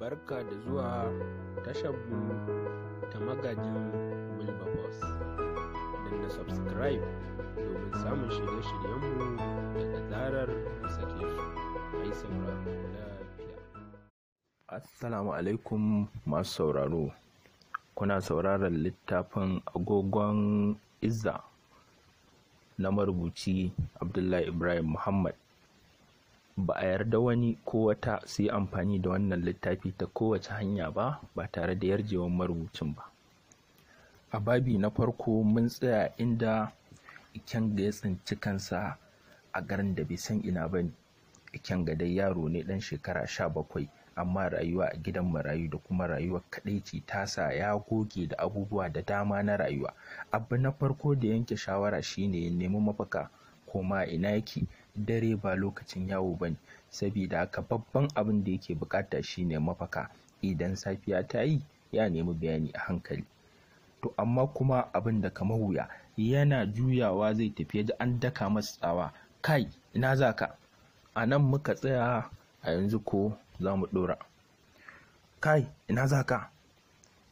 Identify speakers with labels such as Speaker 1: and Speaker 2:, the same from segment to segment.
Speaker 1: barka da zuwa mu ta magajin wilberforce don na subscribe domin samun shirye-shiryenmu daga zarar sake su mai sauraro lafiya assalamu alaikum masu sauraro kuna sauraron littafin agogon izza na marubuci abdullahi ibrahim muhammad ba a yarda wani ko wata su yi amfani da wannan littafi ta kowace hanya ba ba tare da yarjewar marubucin ba a babi na farko mun tsaya inda ga ya tsinci kansa a garin da bai san ina ba ne ga dai yaro ne dan shekara sha bakwai amma rayuwa a gidan marayu da kuma rayuwa rayuwar ta tasa ya goge da abubuwa da dama na rayuwa abu na farko da yanke shawara shine ya nemi mafaka ko ma ina yake dare ba lokacin yawo ba ne sabida haka babban abin da yake bukata shine mafaka idan safiya ta yi ya nemi bayani a hankali to amma kuma abin da kamar wuya yana juyawa zai tafi ji an daka masa tsawa kai ina za ka a nan muka tsaya a yanzu ko za mu ɗora kai ina za ka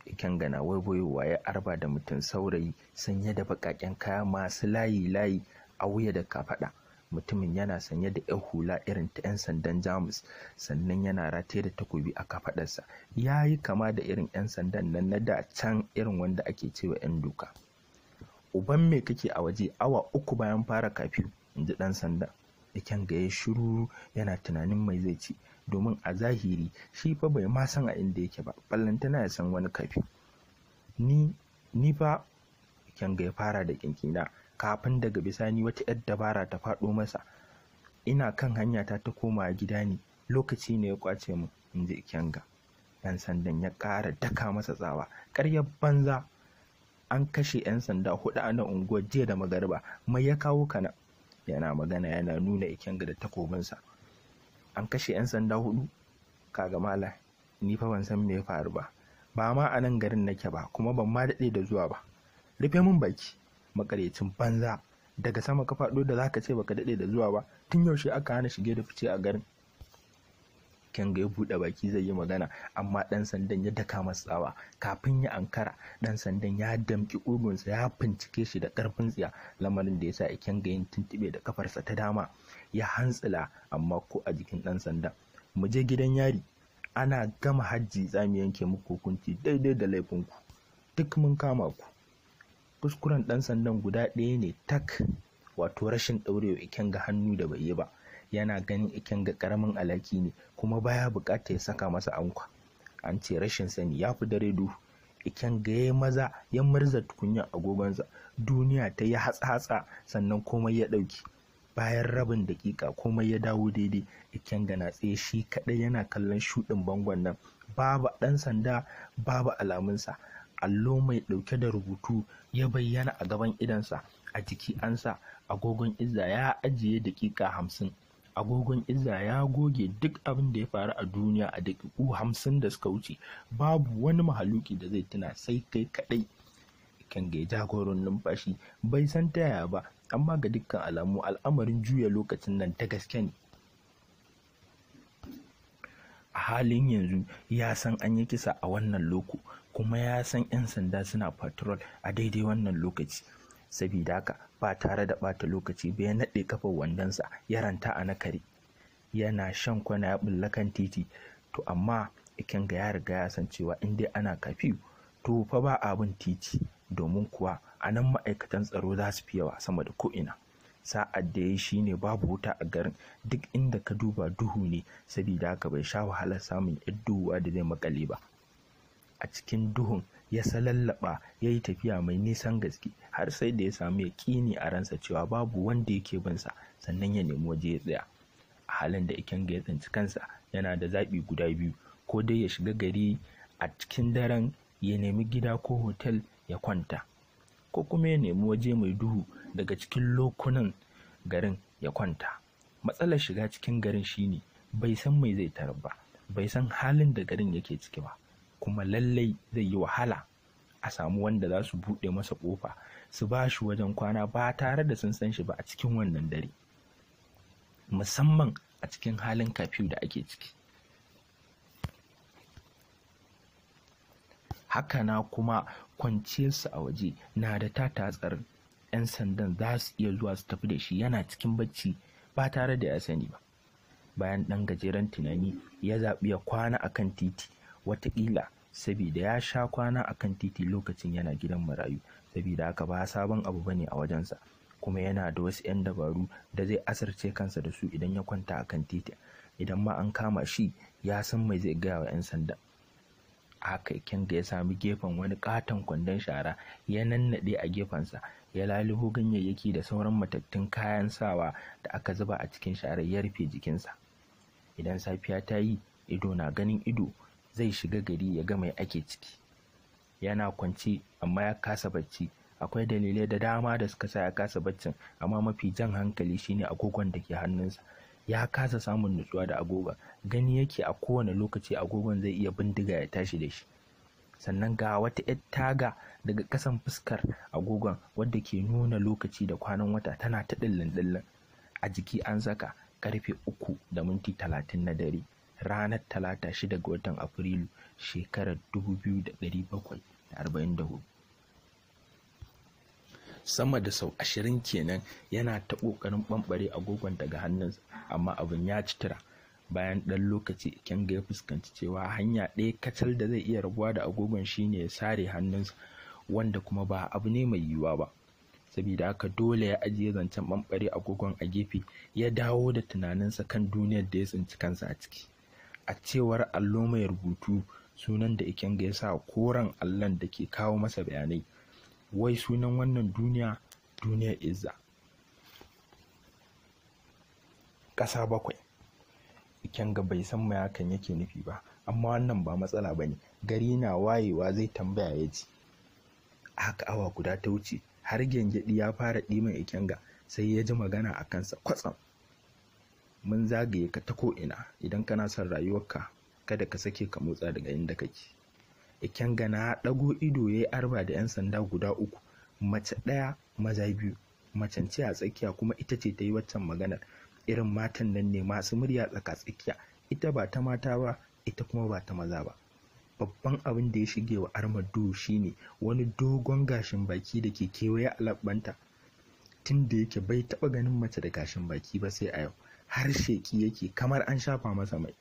Speaker 1: iken gana waiwaiwa ya arba da mutum saurayi sanye da baƙaƙen kaya masu layi layi a wuya da faɗa. mutumin yana sanye da yan hula irin ta yan sandan jamus sannan yana rataye da takobi a kafadarsa ya yi kama da irin yan sandan nan na da can irin wanda ake cewa yan duka uban me kake a waje awa uku bayan fara kafiyu in ji dan sanda? iken ga ya shiru yana tunanin mai zai ci domin a zahiri shi fa bai ma san a inda yake ba ballantana ya san wani kafi ni ni fa iken ya fara da kinkina kafin daga bisani wata 'yar dabara ta faɗo masa ina kan hanya ta ta koma gida ne lokaci ne ya kwace mu in ji kyanga yan sandan ya ƙara daka masa tsawa ƙaryar banza an kashe yan sanda hudu a nan unguwar jiya da magariba mai ya kawo kana yana magana yana nuna ikenga da takobinsa an kashe yan sanda hudu kaga mala ni fa ban san me ya faru ba ba ma a nan garin nake ba kuma ban ma daɗe da zuwa ba rufe min baki makaryacin banza daga sama ka faɗo da zaka ce baka daɗe da zuwa ba tun yaushe aka hana shige da fice a garin kyanga ya buɗe baki zai yi magana amma ɗan sandan ya daka masa tsawa kafin ya ankara ɗan sandan ya damƙi ƙugunsa ya fincike shi da ƙarfin tsiya lamarin da ya sa kyanga yin tuntuɓe da kafarsa ta dama ya hantsila amma ko a jikin ɗan sandan mu je gidan yari ana gama hajji za mu yanke muku hukunci daidai da laifinku duk mun kama ku kuskuren ɗan sandan guda ɗaya ne tak wato rashin ɗaurewa iken ga hannu da bai yi ba yana ganin ikenga ƙaramin alaki ne kuma baya buƙatar ya saka masa ankwa an ce rashin sani ya fi dare duhu ikenga ya maza ya murza tukunyar agogonsa duniya ta yi hatsa-hatsa sannan komai ya ɗauki bayan rabin daƙiƙa komai ya dawo daidai ikenga na tsaye shi kaɗai yana kallon shuɗin bangon nan babu ɗan sanda babu alamunsa allo mai ɗauke da rubutu ya bayyana a gaban idonsa a jiki an sa agogon izza ya ajiye daƙiƙa hamsin agogon izza ya goge duk abin da ya faru a duniya a daƙiƙu hamsin da suka wuce babu wani mahaluki da zai tuna sai kai kaɗai kan ga jagoron numfashi bai san ta yaya ba amma ga dukkan alamu al'amarin juya lokacin nan ta gaske ne a halin yanzu ya san an yi kisa a wannan loko kuma ya san 'yan sanda suna patrol a daidai wannan lokaci sabida haka ba tare da bata lokaci ba ya naɗe kafar wandonsa ya ranta a nakari yana shan kwana ya bulla kan titi to amma ga ya riga ya san cewa in dai ana kafi. to fa ba abin titi domin kuwa a nan ma'aikatan tsaro za su fi yawa sama da ko'ina sa'ad da ya shi ne babu wuta a garin duk inda ka duba duhu ne sabida haka bai sha wahalar samun yan duhuwa da zai makale ba a cikin duhun ya salallaba ya yi tafiya mai nisan gaske har sai da ya samu ya kini a ransa cewa babu wanda yake sa sannan ya nemi waje ya tsaya a halin da ikenga ya tsinci kansa yana da zaɓi guda biyu ko dai ya shiga gari a cikin daren ya nemi gida ko hotel ya kwanta ko kuma ya nemi waje mai duhu daga cikin lokunan garin ya kwanta matsalar shiga cikin garin shine bai san mai zai tarar ba bai san halin da garin yake ciki ba kuma lallai zai yi wahala a samu wanda za su buɗe masa ƙofa su ba shi wajen kwana ba tare da sun san shi ba a cikin wannan dare musamman a cikin halin kafiyu da ake ciki hakana na kuma kwanciyarsu a waje na da ta tatsar 'yan sandan za su iya zuwa su tafi da shi yana cikin bacci ba tare da ya sani ba bayan ɗan gajeren tunani ya zaɓi ya kwana a kan titi wataƙila sabida ya sha kwana a kan titi lokacin yana gidan marayu sabida haka ba sabon abu ba ne a wajensa kuma yana da wasu 'yan dabaru da zai asirce kansa da su idan ya kwanta a kan titi idan ma an kama shi ya san mai zai gaya wa 'yan sanda haka ga ya sami gefen wani katon kwandon shara ya nannaɗe a gefensa ya lalubo ganyayyaki da sauran matattun kayan sawa da aka zuba a cikin shara ya rufe jikinsa idan safiya ta yi ido na ganin ido zai shiga gari ya ga mai ake ciki yana kwance amma ya kasa bacci akwai dalilai da dama da suka sa ya kasa baccin amma mafi jan hankali shine agogon da ke hannunsa ya kasa samun nutsuwa da agogon gani yake a kowane lokaci agogon zai iya bindiga ya tashi da shi sannan ga wata 'yar taga daga kasan fuskar agogon wadda ke nuna lokaci da kwanan wata tana ta dillin dillin a jiki an saka karfe uku da minti talatin na dare ranar talata shida ga watan afrilu shekarar 2744 sama da sau ashirin kenan yana ta ƙoƙarin ɓamɓare agogon daga hannunsa amma abin ya ci tura bayan ɗan lokaci kyanga ya fuskanci cewa hanya ɗaya kacal da zai iya rabuwa da agogon shine ya sare hannunsa wanda kuma ba abu ne mai yiwuwa ba saboda haka dole ya ajiye zancen ɓamɓare agogon a gefe ya dawo da tunaninsa kan duniyar da ya tsinci kansa a ciki a cewar allo mai rubutu sunan da ikenga ya sa koren allon da ke kawo masa bayanai wai sunan wannan duniya duniya iza ƙasa bakwai ikenga bai san mai hakan yake nufi ba amma wannan ba matsala ba ne gari na wayewa zai tambaya ya ji haka awa guda ta wuce har gyangyaɗi ya fara ɗiman ikenga sai ya ji magana a kansa kwatsam mun zagaye ka ta ko'ina idan kana son rayuwarka kada ka sake ka motsa daga inda kake Iken gana ɗago ido ya yi arba da 'yan sanda guda uku mace ɗaya maza biyu macen ce a tsakiya kuma ita ce ta yi waccan maganar irin matan nan ne masu murya tsaka tsakiya ita ba ta mata ba ita kuma ba ta maza ba babban abin da ya shige wa armado shine wani dogon gashin baki da ke kewaye a labbanta tun da yake bai taɓa ganin mace da gashin baki ba sai a yau har sheki yake kamar an shafa masa mai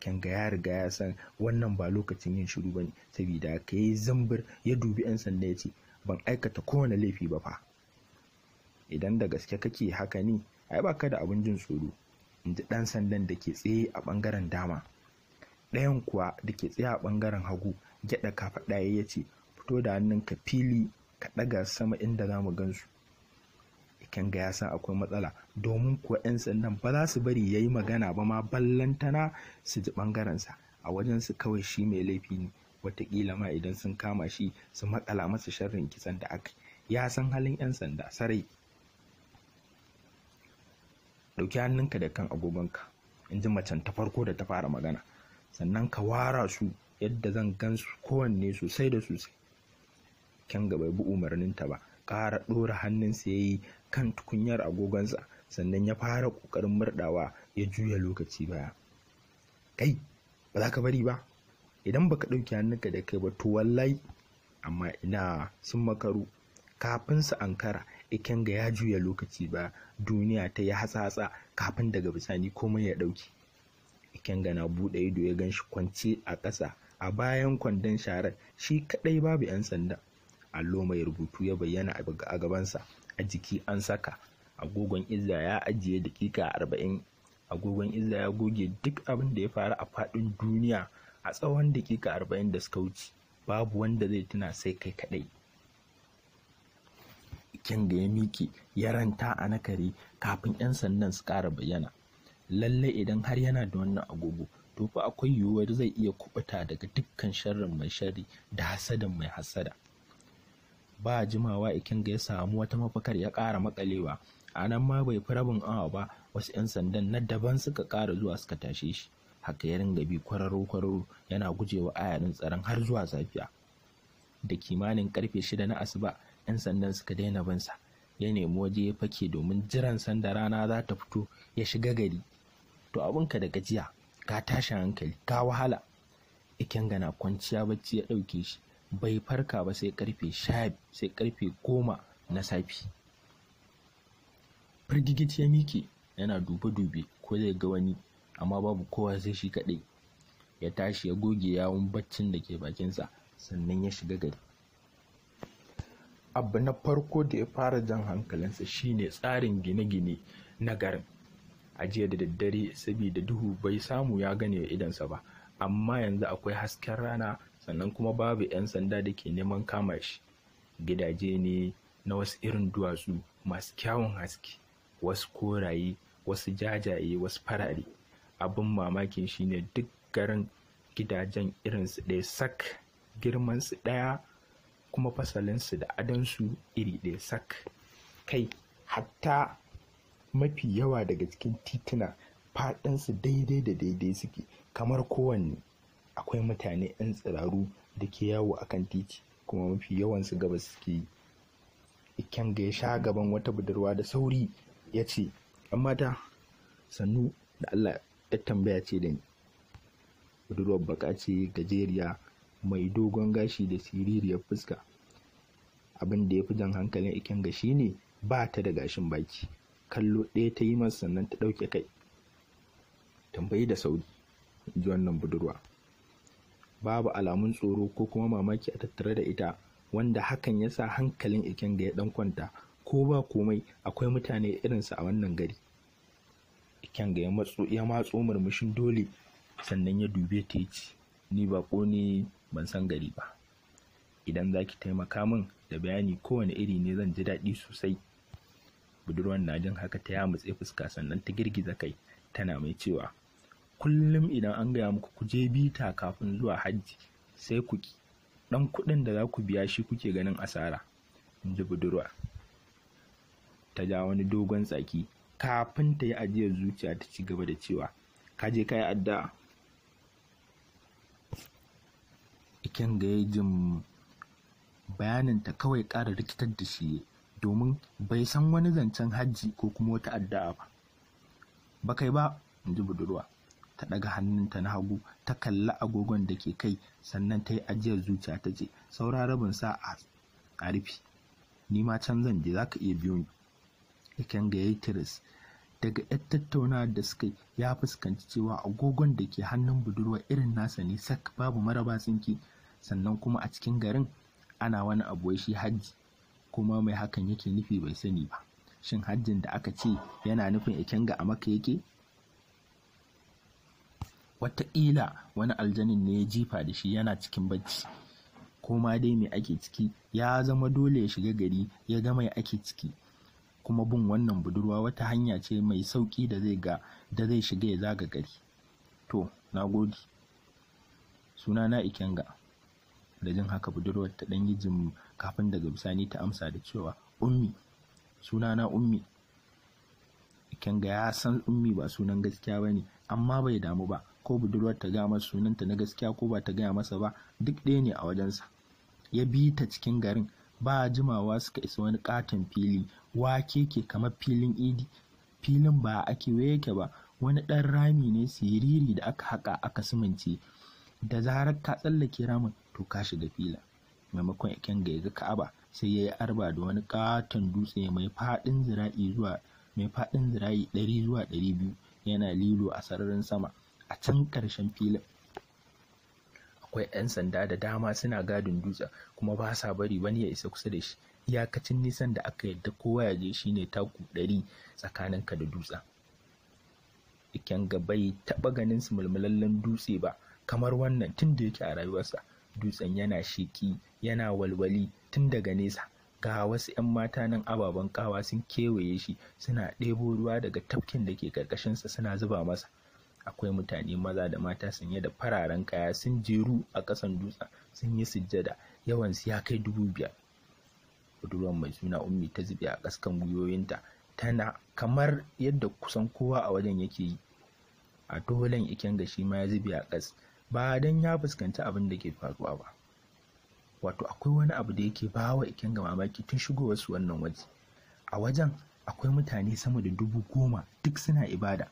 Speaker 1: kin ga ya riga ya san wannan ba lokacin yin shiru bane saboda ka yi zambir ya dubi yan sanda ya ce ban aikata kowane laifi ba fa idan da gaske kake haka ne ai ka da abin jin tsoro in ji ɗan sandan da ke tsaye a ɓangaren dama ɗayan kuwa da ke tsaye a ɓangaren hagu gyaɗa kafaɗa ya ce fito da hannun ka fili ka ɗaga sama inda za mu gansu kan ga ya san akwai matsala domin kuwa 'yan sandan ba za su bari ya yi magana ba ma ballantana su ji ɓangarensa a wajensu kawai shi mai laifi ne wataƙila ma idan sun kama shi su matsala masa sharrin kisan da aka ya san halin 'yan sanda sarai ɗauki hannunka da kan agogonka in ji macen ta farko da ta fara magana sannan ka wara su yadda zan gan su kowanne sosai da sosai kyan gaba bi umarninta ba ƙara ɗora hannunsa ya yi kan tukunyar agogonsa sannan ya fara ƙoƙarin murɗawa ya juya lokaci baya kai ba za ka bari ba idan baka ɗauki hannunka da kai ba to wallahi amma ina sun makaru kafin su ankara ga ya juya lokaci ba duniya ta yi hatsatsa kafin daga bisani komai ya ɗauki ga na buɗe ido ya ganshi kwance a ƙasa a bayan kwandon sharar shi kaɗai babu 'yan sanda allo mai rubutu ya bayyana a gabansa a jiki an saka agogon izza ya ajiye dakika arba'in agogon izza ya goge duk abin da ya faru a faɗin duniya a tsawon dakika arba'in da suka wuce babu wanda zai tuna sai kai kaɗai kyan ga ya miƙe ya ranta a kare kafin 'yan sandan su ƙara bayyana lalle idan har yana da wannan agogo to fa akwai yiwuwar zai iya kubuta daga dukkan sharrin mai sharri da hasadan mai hasada ba jimawa ikinga ya samu wata mafakar ya ƙara makalewa a nan ma bai fi rabin awa ba wasu 'yan sandan na daban suka ƙara zuwa suka tashe shi haka ya ringa bi kwararo kwararo yana gujewa ayarin tsaron har zuwa safiya da kimanin karfe shida na asuba 'yan sandan suka daina bansa ya nemi waje ya fake domin jiran sanda rana za ta fito ya shiga gari to abinka da gajiya ka tashi hankali ka wahala ikenga na kwanciya bacci ya ɗauke shi bai farka ba sai karfe sai karfe goma na safi firgigit ya miƙe yana dube dubi ko zai ga wani amma babu kowa sai shi kaɗai ya tashi ya goge yawon baccin da ke bakinsa sannan ya shiga gari abu na farko da ya fara jan hankalinsa shine tsarin gine-gine na garin a jiya da daddare sabida duhu bai samu ya gane wa idansa ba amma yanzu akwai hasken rana sannan kuma babu 'yan sanda da ke neman kama shi gidaje ne na wasu irin duwatsu masu kyawun haske wasu koraye wasu jajaye wasu farare abin mamakin shine duk garin gidajen irinsu ɗaya sak girmansu ɗaya kuma fasalinsu da adonsu iri ɗaya sak kai hatta mafi yawa daga cikin tituna faɗinsu daidai da daidai suke kamar kowanne akwai mutane 'yan tsiraru da ke yawo a kan titi kuma mafi yawansu gaba suke yi iken ga ya sha gaban wata budurwa da sauri ya ce ‘yan mata sannu da allah ya tambaya ce da ni budurwar baka ce gajeriya mai dogon gashi da siririyar fuska abin da ya fi jan hankalin iken ga ne ba ta da gashin baki kallo ɗaya ta yi masa sannan ta ɗauke kai tambayi da sauri ji wannan budurwa babu alamun tsoro ko kuma mamaki a tattare da ita wanda hakan ya sa hankalin ikenga ya ɗan kwanta ko ba komai akwai mutane irinsa a wannan gari Iken ga ya matso murmushin dole sannan ya dube ta ya ci, ni ba ne ban san gari ba idan za ki taimaka min da bayani kowane iri ne zan ji daɗi sosai budurwar na jin haka ta yamutse fuska sannan ta girgiza kai tana mai cewa kullum idan an gaya muku ku je bita kafin zuwa hajji sai ku ki ɗan kuɗin da za ku biya shi kuke ganin asara in ji budurwa ta ja wani dogon tsaki kafin ta yi ajiyar zuciya ta ci gaba da cewa ka je ka yi addu'a iken ga ya jin bayaninta kawai ƙara rikitar da shi domin bai san wani zancen hajji ko kuma wata addu'a ba ba kai ba in ji budurwa ta ɗaga hannunta na hagu ta kalla agogon da ke kai sannan ta yi ajiyar zuciya ta ce saura rabin sa a rufe ni ma can zan je za ka iya biyo ni ikenga ya yi tiris daga yan tattaunawar da suka ya fuskanci cewa agogon da ke hannun budurwa irin nasa ne sak babu maraba tsinki sannan kuma a cikin garin ana wani abu shi hajji kuma mai hakan yake nufi bai sani ba shin hajjin da aka ce yana nufin ikenga a maka yake wataƙila wani aljanin ne ya jifa da shi yana cikin bacci ko ma dai me ake ciki ya zama dole ya shiga gari ya ga mai ake ciki kuma bin wannan budurwa wata hanya ce mai sauƙi da zai ga da zai shiga ya zaga gari to na gode suna na ikenga da jin haka budurwar ta ɗan yi jin kafin daga bisani ta amsa da cewa ummi suna na ummi ikenga ya san ummi ba sunan gaskiya ba ne amma bai damu ba ko budurwar ta gaya masa sunanta na gaskiya ko ba ta gaya masa ba duk ɗaya ne a wajensa ya bi ta cikin garin ba jimawa suka isa wani katon fili wake ke kamar filin idi filin ba a kewaye yake ba wani ɗan rami ne siriri da aka haƙa aka simince da zarar ka tsallake ramin to ka shiga fila maimakon kyan ga yaga ka'aba sai ya yi arba da wani katon dutse mai faɗin zira'i mai faɗin zira'i ɗari zuwa ɗari biyu yana lilo a sararin sama a can ƙarshen filin akwai 'yan sanda da dama suna gadin dutsen kuma ba sa bari wani ya isa kusa da shi iyakacin nisan da aka yadda kowa ya je shi shine taku ɗari tsakaninka da dutsen Ikenga bai taɓa ganin su mulmulallen dutse ba kamar wannan tun da yake a rayuwarsa dutsen yana sheki yana walwali tun daga nesa ga wasu 'yan mata nan ababen kawa sun kewaye shi suna ɗebo ruwa daga tafkin da ke ƙarƙashinsa suna zuba masa akwai mutane maza da mata sanye da fararen kaya sun jeru a ƙasan dutsen sun yi sujjada yawansu ya kai dubu biyar budurwar mai suna ummi ta zube a ƙaskan gwiwoyinta tana kamar yadda kusan kowa a wajen yake yi a dolen ikenga shi ma ya zube a ƙas ba don ya fuskanci abin da ke faruwa ba wato akwai wani abu da yake ba wa ga mamaki tun shigowar wasu wannan waje a wajen akwai mutane sama da dubu goma duk suna ibada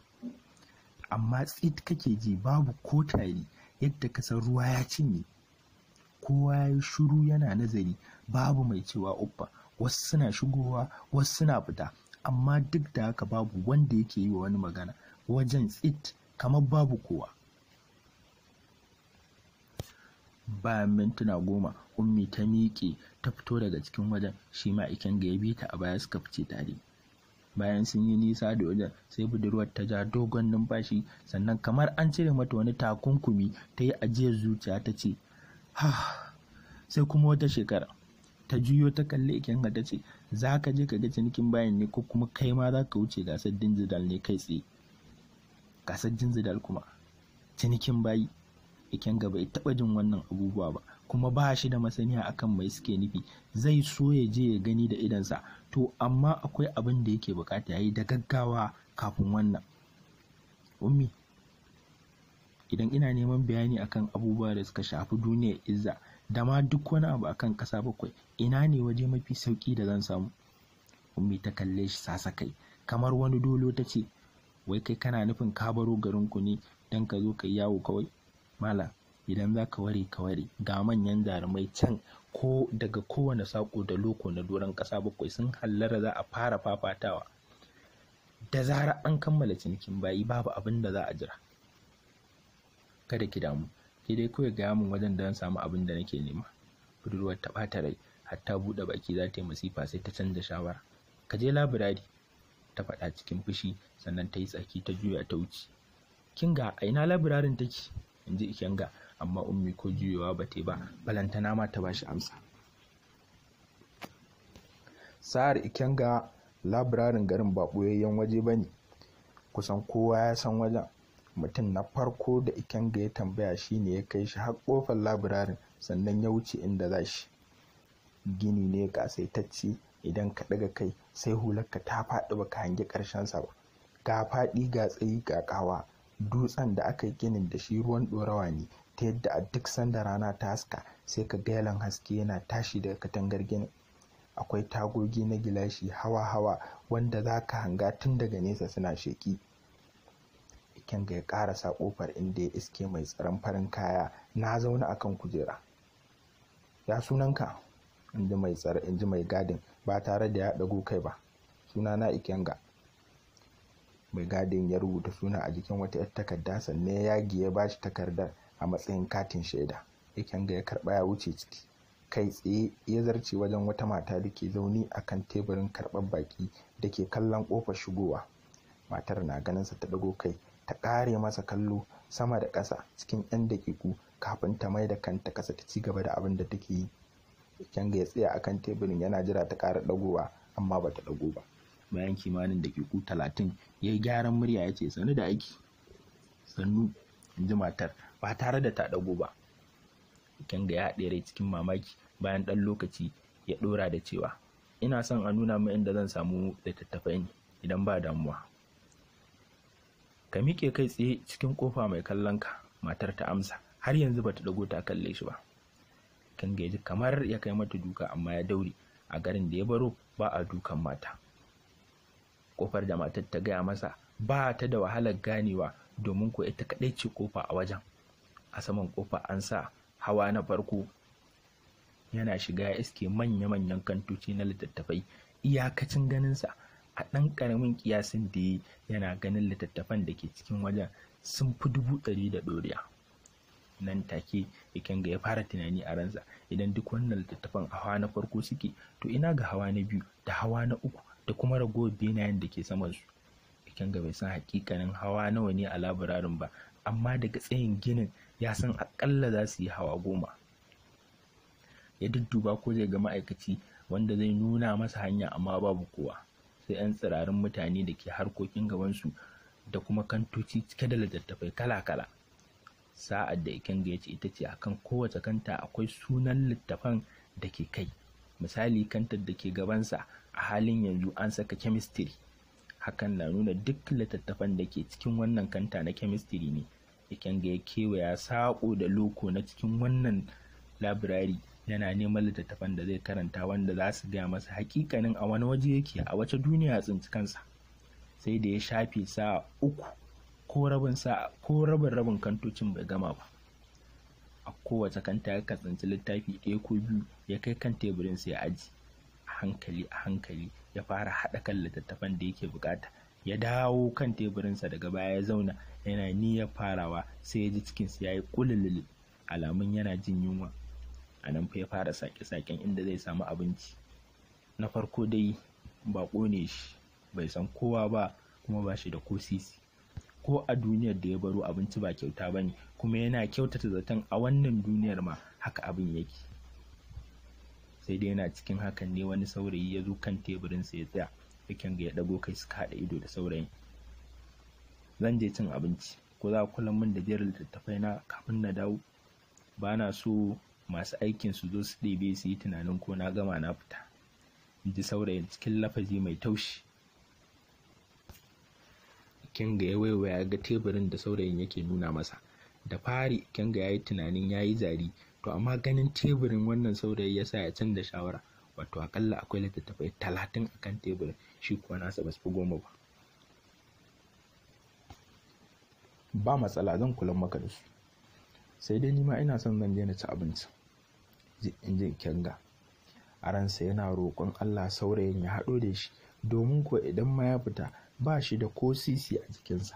Speaker 1: amma tsit kake ji babu ko tari yadda kasar ruwa ya cinye kowa ya yi shuru yana nazari babu mai cewa uffa wasu suna shigowa wasu suna fita amma duk da haka babu wanda yake yi wa wani magana wajen tsit kamar babu kowa bayan mintuna goma ummi ta miƙe ta fito daga cikin wajen shi ma ikenga ya bi ta a baya suka fice tare bayan sun yi nisa da wajen sai budurwar ta ja dogon numfashi sannan kamar an cire mata wani takunkumi ta yi ajiyar zuciya ta ce ha sai kuma wata shekara ta juyo ta kalli ikenga ta ce za ka je ka ga cinikin bayan ne ko kuma kai ma za ka wuce gasar dinzidal ne kai tsaye gasar dinzidal kuma cinikin bayi ikenga bai taɓa jin wannan abubuwa ba kuma ba shi da masaniya akan mai suke nufi zai so ya je ya gani da idansa to amma akwai abin da yake bukata yayi da gaggawa kafin wannan ummi idan ina neman bayani akan abubuwa da suka shafi duniya izza da ma duk wani abu akan kasa bakwai ina ne waje mafi sauki da zan samu ummi ta kalle shi sasa kai kamar wani dolo ta ce wai kai kana nufin ka baro garinku ne don ka zo ka yawo kawai malam idan za ka ware ka ware ga manyan jarumai can ko daga kowane saƙo da loko na doron ƙasa bakwai sun hallara za a fara fafatawa da zarar an kammala cinikin bayi babu abin da za a jira kada ki damu ki dai kawai gaya min wajen da zan samu abin da nake nema budurwar ta ɓata rai hatta buɗe baki za ta yi masifa sai ta canza shawara ka je labirari ta faɗa cikin fushi sannan ta yi tsaki ta juya ta wuce kin ga a ina labirarin take in ji ikenga amma ummi ko juyowa ba ta ba balantana ma ta bashi amsa sa'ar ikenga labirarin garin ba ɓoyayyen waje ba ne kusan kowa ya san wajen mutum na farko da ikenga ya tambaya shine ya kai shi har kofar labirarin sannan ya wuce inda za shi gini ne tacci idan ka ɗaga kai sai hularka ta faɗi ba ka hangi ƙarshen sa ba ga faɗi ga tsayi ga ƙawa dutsen da aka yi ginin da shi ruwan ɗorawa ne ta yadda a duk sanda rana ta haska sai ka galan haske yana tashi daga katangar ginin akwai tagogi na gilashi hawa-hawa wanda za ka hanga tun daga nesa suna sheƙi Ikenga ya ƙarasa ƙofar inda ya iske mai tsaron farin kaya na zauna kan kujera ya sunanka in mai gadin ba tare da ya ɗago kai ba sunana ikenga mai gadin ya rubuta suna a jikin wata 'yar takarda sannan ya yagi ya bashi takardar a matsayin katin shaida ikenga ya karɓa ya wuce ciki kai tsaye ya zarce wajen wata mata da ke zaune a kan teburin karɓar baki da ke kallon ƙofar shigowa matar na ganinsa ta ɗago kai ta ƙare masa kallo sama da ƙasa cikin 'yan daƙiƙu kafin ta mai da kanta ƙasa ta ci gaba da abin da take yi kyanga ya tsaya kan teburin yana jira ta ƙara ɗagowa amma ba ta ɗago ba bayan kimanin dakiku talatin ya yi gyaran murya ya ce sannu da aiki sannu in ji matar ba tare da ta ɗago ba kyanga ya haɗe rai cikin mamaki bayan ɗan lokaci ya ɗora da cewa ina son a nuna min inda zan samu littattafai ne idan ba damuwa ka miƙe kai tsaye cikin ƙofa mai kallon ka matar ta amsa har yanzu bata ɗago ta kalle shi ba kyanga ya ji kamar ya kai mata duka amma ya daure a garin da ya baro ba a dukan mata kofar da matar ta gaya masa ba ta da wahalar ganewa domin ko ita kaɗai ce kofa a wajen a saman kofa an sa hawa na farko yana shiga ya iske manya-manyan kantoci na littattafai iyakacin ganinsa a ɗan ƙaramin ƙiyasin da ya yana ganin littattafan da ke cikin wajen sun fi dubu ɗari da ɗoriya nan take ga ya fara tunani a ransa idan duk wannan littattafan a hawa na farko suke to ina ga hawa na biyu da hawa na uku da kuma ragowar benayen da ke ikin ga bai san hakikanin hawa nawa ne a labararin ba amma daga tsayin ginin ya san akalla za su yi hawa goma ya dudduba ko zai ga ma'aikaci wanda zai nuna masa hanya amma babu kowa sai 'yan tsirarin mutane da ke harkokin gabansu da kuma kantoci cike da littattafai kala-kala sa'ad da ga ya ce ita ce a kan kowace kanta akwai sunan littafan da ke kai misali kantar da ke gabansa a halin yanzu an saka chemistry hakan na nuna duk littattafan da ke cikin wannan kanta na chemistry ne ga ya kewaya saƙo da loko na cikin wannan labirari yana neman littattafan da zai karanta wanda za su gaya masa hakikanin a wani waje yake a wace duniya tsinci kansa sai da ya shafe sa uku ko rabin rabin kantocin bai gama ba a kowace kanta ya tsinci littafi ɗaya ko biyu ya kai kan teburin sai ya aji hankali a hankali ya fara haɗa kan littattafan da yake buƙata, ya dawo kan teburinsa daga baya ya zauna yana niyyar farawa sai ya ji cikinsa ya yi ƙulululu alamun yana jin yunwa a nan fa ya fara sake-saken inda zai samu abinci na farko dai baƙo ne shi bai san kowa ba kuma ba shi da ko sisi ko a duniyar da ya baro abinci ba kyauta ba ne kuma yana kyautata zaton a wannan duniyar ma haka abin yake sai dai yana cikin hakan ne wani saurayi ya zo kan teburin sa ya tsaya Ikenga ya ɗago kai suka haɗa ido da saurayin zan je cin abinci ko za kula min da jerin littattafai na kafin na dawo ba na so masu aikin su zo su ɗebe su yi tunanin ko na gama na fita in ji saurayin cikin lafazi mai taushi Kenga ya waiwaya ga teburin da saurayin yake nuna masa da fari kinga ya yi tunanin ya yi zari to amma ganin teburin wannan saurayi ya sa ya canza shawara wato akalla akwai littattafai talatin a kan teburin shi kuwa nasa ba su fi goma ba ba matsala zan kula maka da su sai dai nima ina son zan je na ci abinci in ji kyanga a ransa yana roƙon allah saurayin ya haɗo da shi domin ko idan ma ya fita ba shi da ko sisi a jikinsa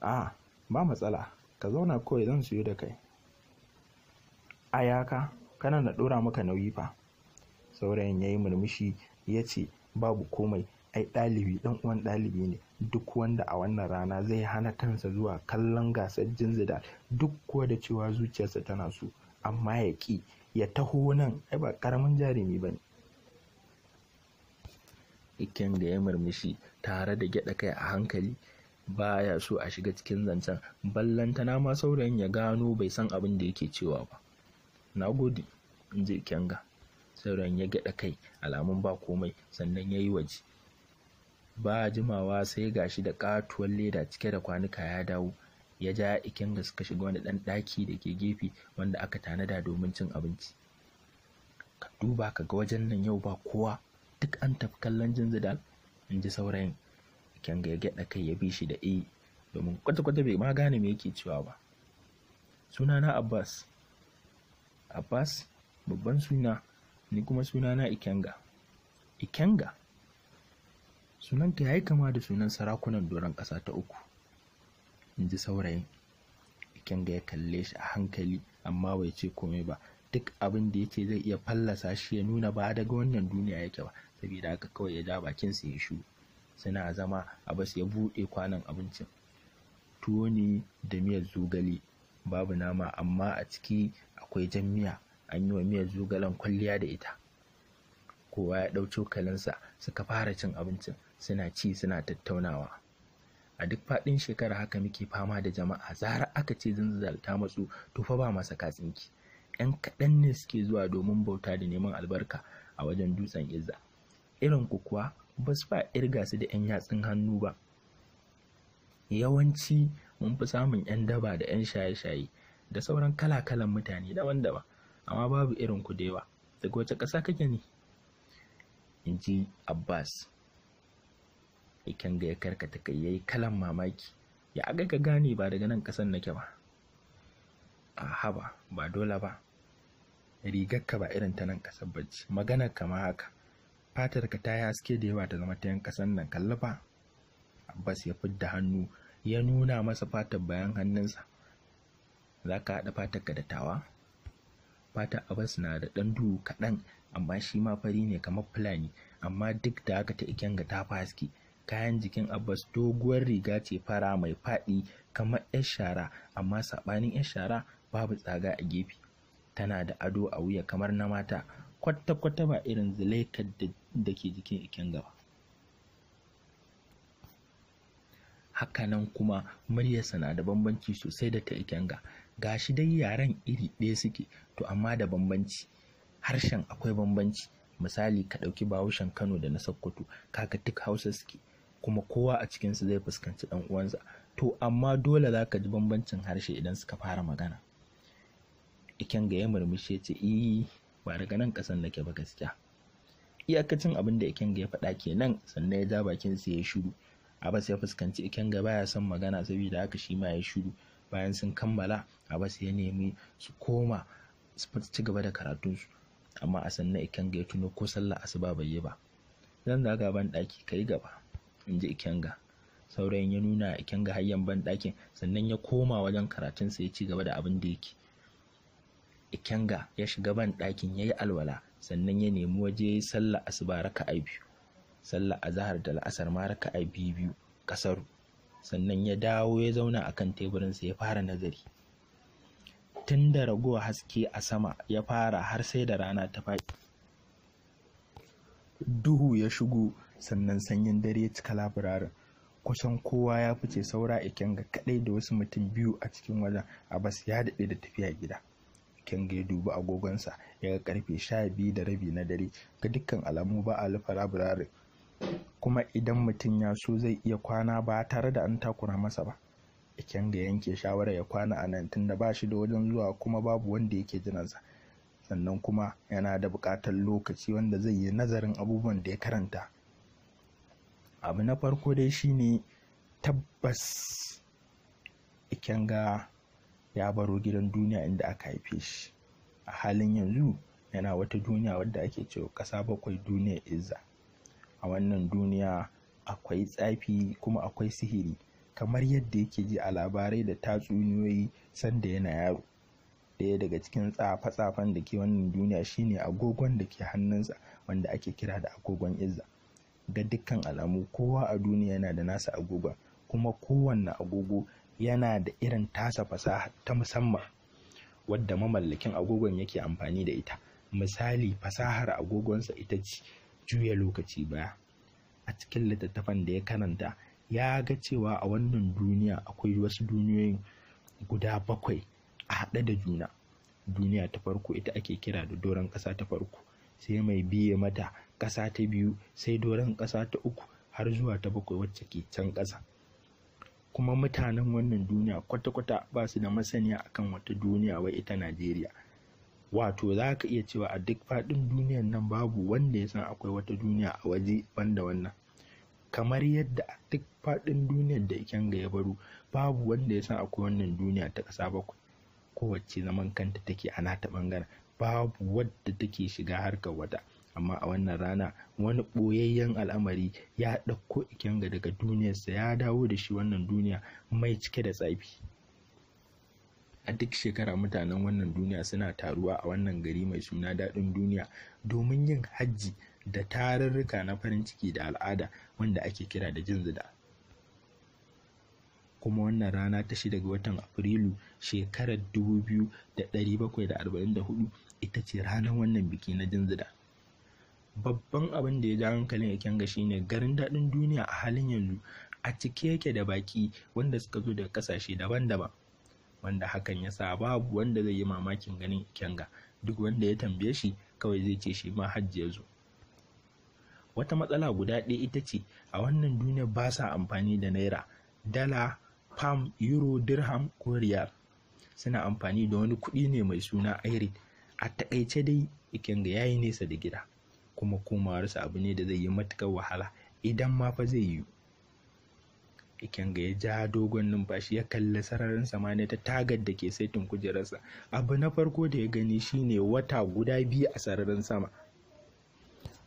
Speaker 1: a ba matsala ka zauna kawai zan siyo da kai ayaka kana na ɗora maka nauyi fa saurayin ya yi murmushi ya ce babu komai ai ɗalibi ɗan uwan ɗalibi ne duk wanda a wannan rana zai hana kansa zuwa kallon gasar jin zida duk kuwa da cewa zuciyarsa tana so amma ya ƙi ya taho nan ai ba ƙaramin jarumi ba ne iken da ya murmushi tare da gyaɗa kai a hankali baya so a shiga cikin zancen ballantana ma saurayin ya gano bai san abin da yake cewa ba na gode in zai kyanga sauran ya gaɗa kai alamun ba komai sannan ya yi waje ba jimawa sai gashi da ƙatuwar leda cike da kwanuka ya dawo ya ja ikenga suka shiga wani ɗan ɗaki da ke gefe wanda aka tanada domin cin abinci ka duba ka ga wajen nan yau ba kowa duk an tafi kallon jin zidal. in ji saurayin ikenga ya gyaɗa kai ya bi shi da e domin kwata-kwata bai ma gane me yake cewa ba sunana abbas Abbas babban suna ni kuma suna na Ikenga. Ikenga sunanka ya yi kama da sunan sarakunan doron ƙasa ta uku. In ji saurayin. Ikenga ya kalle shi a hankali amma bai ce komai ba duk abin da yake zai iya fallasa shi ya nuna ba daga wannan duniya yake ba saboda haka kawai ya ja sa ya shu suna zama a bas ya buɗe kwanan abincin tuwo ne da miyar zogale babu nama amma a ciki akwai jan miya an yi wa miyar zogalen kwalliya da ita kowa ya ɗau cokalinsa suka fara cin abincin suna ci suna tattaunawa a duk faɗin shekara haka muke fama da jama'a zara aka ce zanzal ta matsu to fa ba masa katsinki yan kaɗan ne suke zuwa domin bauta da neman albarka a wajen dutsen izza irin ku kuwa ba su fa irga su da ƴan yatsun hannu ba yawanci mun fi samun 'yan daba da 'yan shaye-shaye da sauran kala-kalan mutane daban-daban amma babu irin ku dewa daga wace ƙasa kake ne in ji abbas ikan ga ya karkata kai ya yi kalan mamaki ya aga ka gane ba daga nan ƙasan nake ba a haba ba dole ba rigarka ba irin ta nan ƙasar bacci maganar kama ma haka fatarka ta yi haske da yawa ta zama ta yan ƙasan nan kalli ba abbas ya fidda hannu ya nuna masa fatar bayan hannunsa za ka haɗa fatarka da tawa fatar abas na da ɗan duhu kaɗan amma shi ma fari ne kamar fulani amma duk da haka ta ga ta haske kayan jikin abbas doguwar riga ce fara mai faɗi kamar 'yar shara amma saɓanin 'yar shara babu tsaga a gefe tana da ado a wuya kamar na mata kwata-kwata ba irin zulaikar da ke jikin iken gaba Haka nan kuma muryarsa na da bambanci sosai da ta ikenga shi dai yaren iri ɗaya suke to amma da bambanci harshen akwai bambanci misali ka ɗauki bahaushen kano da na sokoto kaka Tuk hausa suke kuma kowa a cikinsu zai fuskanci ɗan uwansa to amma dole za ka ji bambancin harshe idan suka fara magana ikenga ya murmushi ya ce i ba daga nan ƙasan nake ba gaskiya iyakacin abin da ikenga ya faɗa kenan sannan ya ja bakin sa ya shiru A Abbas ya fuskanci Ikenga ya son magana saboda haka shi ma ya shiru bayan sun kammala a Abbas ya nemi su koma su ci gaba da karatunsu amma a sannan Ikenga ya tuno ko sallah asuba bai yi ba zan zaga ban daki kai gaba in ji Ikenga saurayin ya nuna Ikenga hayyan ban dakin sannan ya koma wajen karatunsa ya ci gaba da abin da yake Ikenga ya shiga ban dakin ya yi alwala sannan ya nemi waje ya yi sallah asuba raka'a biyu sallar azahar da la'asar ma a biyu biyu kasaru sannan ya dawo ya zauna a kan teburinsa ya fara nazari tun da raguwa haske a sama ya fara har sai da rana ta faɗi duhu ya shigo sannan sanyin dare ya cika labararin kusan kowa ya fice saura ikenga kaɗai da wasu mutum biyu a cikin wajen abbas ya daɗe da tafiya gida ikenga ya dubi agogonsa ya ga karfe sha biyu da rabi na dare ga dukkan alamu ba a laburare. labararin kuma idan mutum ya so zai iya kwana ba tare da an takura masa ba ga yanke shawara ya kwana a nan tunda ba shi da wajen zuwa kuma babu wanda yake jiransa sannan kuma yana da buƙatar lokaci wanda zai yi nazarin abubuwan da ya karanta abu na farko dai shine tabbas ikenga ya baro gidan duniya inda aka haife shi a halin yanzu yana wata duniya wadda ake cewa ƙasa bakwai duniya izza a wannan duniya akwai tsafi kuma akwai sihiri kamar yadda yake ji a labarai da tatsuniyoyi sanda yana yaro ɗaya daga cikin tsafe-tsafen da ke wannan duniya shine agogon da ke hannunsa wanda ake kira da agogon izza ga dukkan alamu kowa a duniya yana da nasa agogon kuma kowanne agogo yana da irin tasa fasaha ta musamman wadda mamallakin agogon yake amfani da ita misali fasahar agogonsa ita ce juya lokaci baya a cikin littattafan da ya karanta ya ga cewa a wannan duniya akwai wasu duniyoyin guda bakwai a haɗe da juna duniya ta farko ita ake kira da doron ƙasa ta farko sai mai biye mata ƙasa ta biyu sai doron ƙasa ta uku har zuwa ta bakwai wacce ke can ƙasa kuma mutanen wannan duniya kwata-kwata ba su da masaniya akan wata duniya wai ita najeriya wato za ka iya cewa a duk faɗin duniyan nan babu wanda ya san akwai wata duniya a waje banda wannan kamar yadda a duk faɗin duniyar da ga ya baro babu wanda ya san akwai wannan duniya ta ƙasa bakwai kowace zaman kanta take a nata ɓangaren babu wadda take shiga harkar wata amma a wannan rana wani ɓoyayyen al'amari ya ɗauko ikenga daga duniyarsa ya dawo da shi wannan duniya mai cike da tsafi a duk shekara mutanen wannan duniya suna taruwa a wannan gari mai suna daɗin duniya domin yin hajji da tarurruka na farin ciki da al'ada wanda ake kira da jin zida kuma wannan rana ta shida ga watan afrilu shekarar da da bakwai arba'in 2744 ita ce ranar wannan biki na jin zida babban abin da ya ja hankalin shi ne garin daɗin duniya a halin yanzu a cike yake da baƙi wanda suka zo daga ƙasashe daban-daban wanda hakan ya sa babu wanda zai yi mamakin ganin kyanga duk wanda ya tambaye shi kawai zai ce shi ma hajji ya zo wata matsala guda ɗaya ita ce a wannan duniya ba sa amfani da naira dala pam euro dirham ko riyal suna amfani da wani kuɗi ne mai suna irin a taƙaice dai ikenga ya yi nesa da gida kuma komawarsa abu ne da zai yi matuƙar wahala idan ma fa zai yiwu Ikenga ya ja dogon numfashi ya kalli sararin samaniya ta tagar da ke saitin kujerarsa. Abu na farko da ya gani shine wata guda biyu a sararin sama.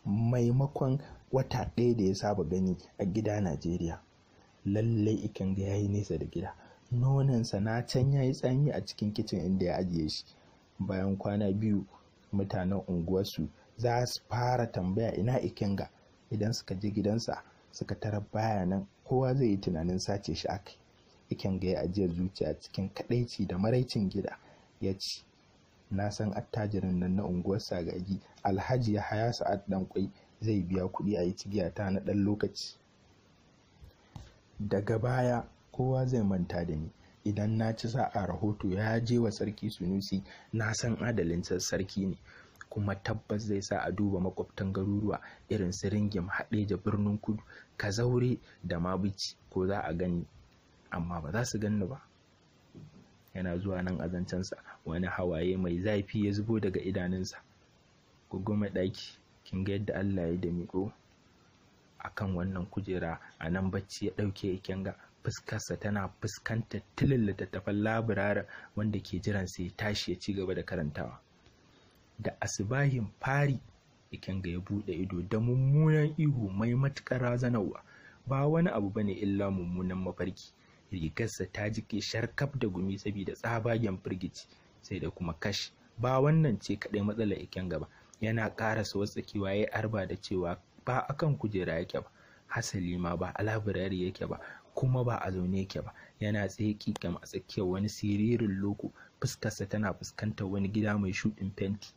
Speaker 1: Maimakon wata ɗaya da ya saba gani a gida Najeriya. Lallai Ikenga ya yi nesa da gida. Nonansa na can ya yi tsami a cikin kicin inda ya ajiye shi. Bayan kwana biyu mutanen unguwarsu za su fara tambaya ina Ikenga idan suka je gidansa suka tara baya kowa zai yi tunanin sace shi aka iken ga ya ajiyar zuciya cikin kadaici da maraicin gida ya ci na san attajirin nan na unguwar sagagi alhaji ya haya sa'ad dan kwai zai biya kuɗi a yi cigiya ta na ɗan lokaci daga baya kowa zai manta da ni idan na ci sa'a rahoto ya je wa sarki sunusi na san adalin sarki ne kuma tabbas zai sa a duba makwabtan garuruwa irin su ringim haɗeja birnin kudu kazaure da mabici ko za a gani amma ba za su ganni ba yana zuwa nan a zancensa wani hawaye mai zafi ya zubo daga idanunsa mai ɗaki kin ga yadda allah ya da miƙo a kan wannan kujera a nan bacci ya ɗauke ya kyanga fuskarsa tana fuskantar tilin littattafan laburare wanda ke jiran sai ya tashi ya ci gaba da karantawa da asibahin fari ikenga ya buɗe ido da mummunan ihu mai matuƙar razanarwa ba wani abu bane illa mummunan mafarki rigarsa ta jike sharkaf da gumi saboda tsabagen firgici sai da kuma kash ba wannan ce kaɗai matsalar ikenga ba yana ƙarasa tsakewa yayi arba da cewa ba akan kujera yake ba hasali ma ba a labirari yake ba kuma ba a zaune yake ba yana tsaye kam a tsakiyar wani siririn loko fuskarsa tana fuskantar wani gida mai shuɗin fenti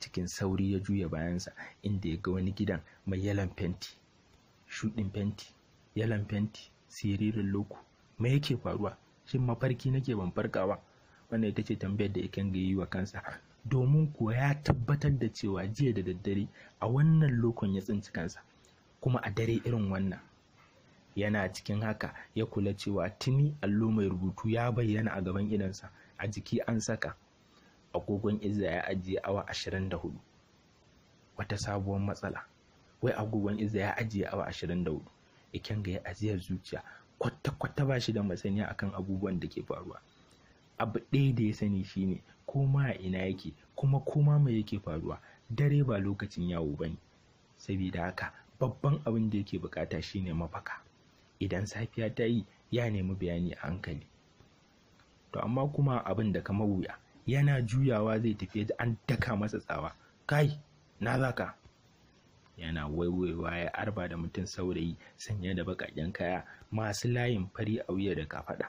Speaker 1: cikin sauri ya juya bayansa inda ya ga wani gidan mai yalan fenti shuɗin fenti yalan fenti siririn loko me yake faruwa shin mafarki nake ban farkawa wannan ita ce tambayar da Ikenga yi wa kansa domin kuwa ya tabbatar da cewa jiya da daddare a wannan lokon ya tsinci kansa kuma a dare irin wannan yana cikin haka ya kula cewa tuni allo mai rubutu ya bayyana a gaban idansa a jiki an saka agogon izza ya ajiye awa ashirin da hudu wata sabuwar matsala wai agogon izza ya ajiye awa ashirin da hudu iken ga ya zuciya kwata-kwata ba shi da masaniya akan abubuwan da ke faruwa abu ɗaya da ya sani shine ko ma a ina yake kuma koma mai yake faruwa dare ba lokacin yawo ba ne saboda haka babban abin da yake bukata shine mafaka idan safiya ta yi ya nemi bayani a hankali to amma kuma abin da kama wuya yana juyawa zai tafi an daka masa tsawa kai na zaka yana waiwaiwa ya arba da mutum saurayi sanye da baƙaƙen kaya masu layin fari a wuya da kafaɗa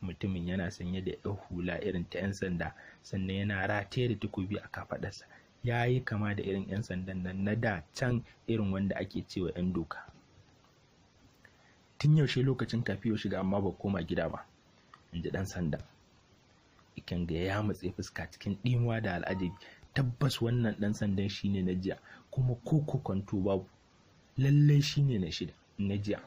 Speaker 1: mutumin yana sanye da yan hula irin ta yan sanda sannan yana rataye da takobi a kafaɗarsa ya yi kama da irin yan sandan nan na da can irin wanda ake cewa yan doka tun yaushe lokacin kafi shiga amma ba koma gida ba Inji ji ɗan sanda Ikenge ya matse fuska cikin ɗimuwa da al'ajabi tabbas wannan ɗan sandan shine na jiya kuma ko kwanto babu lallai shine na shida na jiya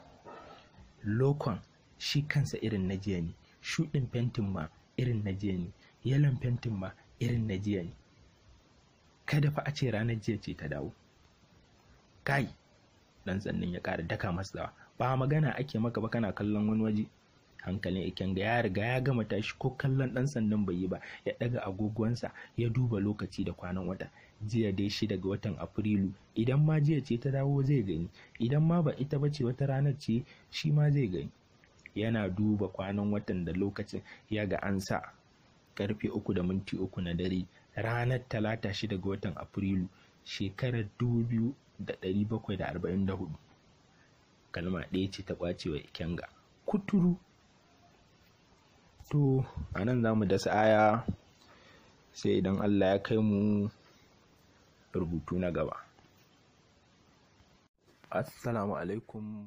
Speaker 1: lokon shi kansa irin na jiya ne shuɗin fentin ma irin na jiya ne yalon fentin ma irin na jiya ne kada fa a ce ranar jiya ce ta dawo kai ɗan sandan ya ƙara daka masa ba magana ake maka ba kana kallon wani waje hankalin ikenga ya riga ya gama tashi ko kallon dan sandan bai yi ba ya daga agogonsa ya duba lokaci da kwanan wata jiya dai shi daga watan afrilu idan ma jiya ce ta dawo zai gani idan ma ba ita ba ce wata ranar ce shi ma zai gani yana duba kwanan watan da lokacin ya ga an sa karfe uku da minti uku na dare ranar talata shi daga watan afrilu shekarar dubu biyu da ɗari bakwai da arba'in da hudu kalma ɗaya ce ta ƙwace wa ikenga kuturu to a nan za mu dasa aya sai idan allah ya kai mu rubutu na gaba assalamu alaikum